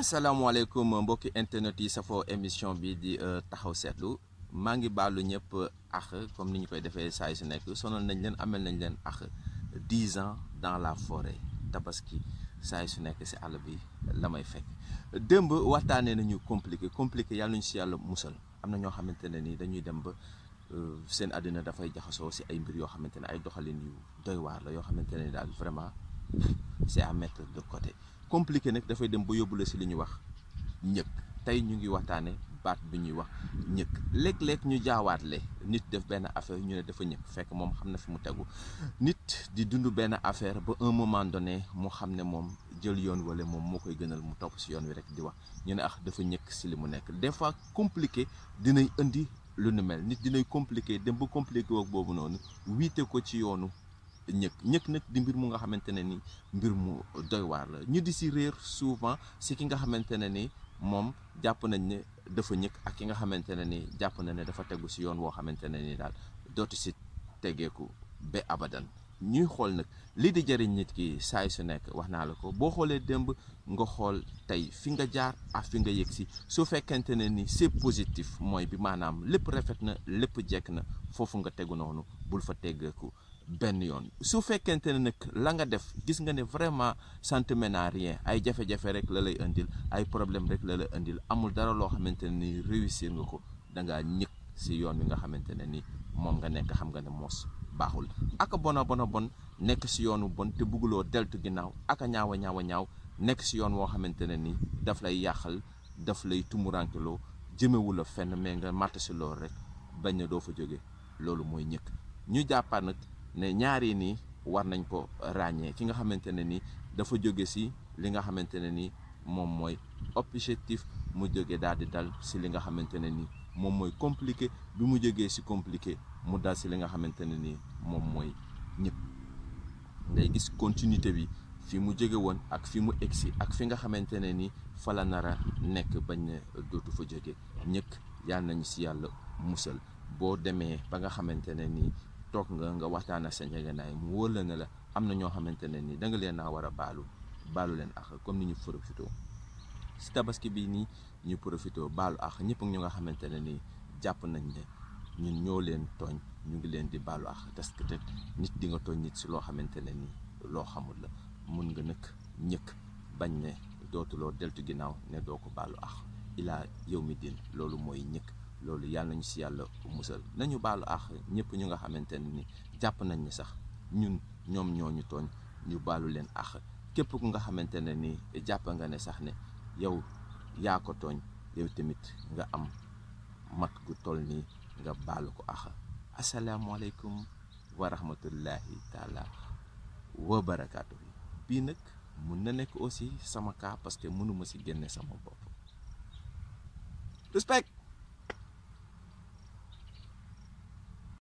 asalaamaaleykum mbokki internet yi safoo émission bi di euh, taxaw seetlu maa ngi baalu ñëpp ax comme ni ñu koy defee saa su nekk sonal nañ leen amel nañ leen ax dix ans dans la forêt tabaski saa su nekk si àll bi la may fekk démb waxtaanee nañu compliqué compliqué yàlla ñu si yàlla musal am na ñoo xamante ne ni dañuy dem ba euh, seen àddina dafay jaxasoo si ay mbir yoo xamante ne ay doxalin yu doy waar la yoo xamante ne daal vraiment c'est à mettre de côté compliqué nag dafay dem ba yóbbu la si li ñu wax ñëkk tey ñu ngi waxtaane baat bi ñuy wax ñëkk léeg-léeg ñu jaawaatle nit def benn affaire ñu ne dafa ñëkk fekk moom xam na fi mu tegu nit di dund benn affaire ba un moment donné mu xam ne moom jël yoon wala moom moo koy gënal mu topp si yoon wi rek di wax ñu ne ax ah, dafa ñëkk si li mu nekk des fois compliqué dinay indi lu nu mel nit dinay compliqué dem ba compliqué woog boobu noonu wiite ko ci yoonu ñëkk ñëkk nag di mbir mu nga xamante ne ni mbir mu doy waar la ñu di si réer souvent si ki nga xamante ne ni moom jàpp nañ ne dafa ñëkk ak ki nga xamante ne ni jàpp na ne dafa tegu si yoon woo xamante ne ni daal dootu si tegeeku ba abadan ñuy xool nag li di jariñ nit ki saay su nekk wax naa la ko boo xoolee démb nga xool tey fi nga jaar ak fi nga yëg si su fekkente ne ni c'est positif mooy bi maanaam lépp rafet na lépp jekk na foofu nga tegu noonu bul fa teggeeku benn yoon su fekkente ne nag la nga def gis nga ne vraiment sentiment na rien ay jafe-jafe rek la lay indil ay problème rek la lay indil amul dara loo xamante ne nii réussir nga ko da ngaa ñëg si yoon wi nga xamante ne ni moom nga nekk xam nga ne moos baaxul aka bon a bon a bon nekk si yoonu bon te bugguloo deltu ginnaaw aka ñaaw a ñaaw a ñaaw nekk si yoon woo xamante ne ni daf lay yàqal daf lay tumurankeloo jëmewul a fenn mais nga màtt si loolu rek bañ na doo fa jóge loolu mooy ñëkk ñu jàppaat nag ne ñaari nii war nañ ko ràññee ki nga xamante ne ni dafa jóge si li nga xamante ne ni moom mooy objectif mu jóge daal di dal si li nga xamante ne ni moom mooy compliqué bi mu jógee si compliqué mu dal si li nga xamante ne ni moom mooy ñëpp ngay gis continuité bi fi mu jóge woon ak fi mu si ak fi nga xamante ne ni fa la nar nekk bañ ne dootu fa jóge ñëkk yàlla nañu si yàlla musal boo demee ba nga xamante ne ni toog nga nga waxtaan ak sa njëgënaay mu wóor la ne la am na ñoo xamante ne nii da nga leen naa war a baalu baalu leen ak comme ni ñu profité si tabaski bii nii ñu profité baalu ak ñëpp ñu nga xamante ne nii jàpp nañ ne ñun ñoo leen tooñ ñu ngi leen di baalu ak parce que te nit di nga tooñ nit si loo xamante ne nii loo xamul la mun nga nëkk ñëkk bañ ne dootuloo deltu ginnaaw ne doo ko baalu ak ilaa yow mi din loolu mooy ñëkk. loolu yàlla ñu si yàlla musal nañu baalu àq ñëpp ñu nga xamante ne ni jàpp nañ ni sax ñun ñoom ñoo ñu tooñ ñu balu leen àq képp ku nga xamante ne ni jàpp nga ne sax ne yow yaa ko tooñ yow tamit nga am mat gu toll nii nga baalu ko àq asalaamualeykum wa rahmatullahi taala wa barakaatu bii nag mun na nekk aussi sama cas parce que mënuma si génne sama bopp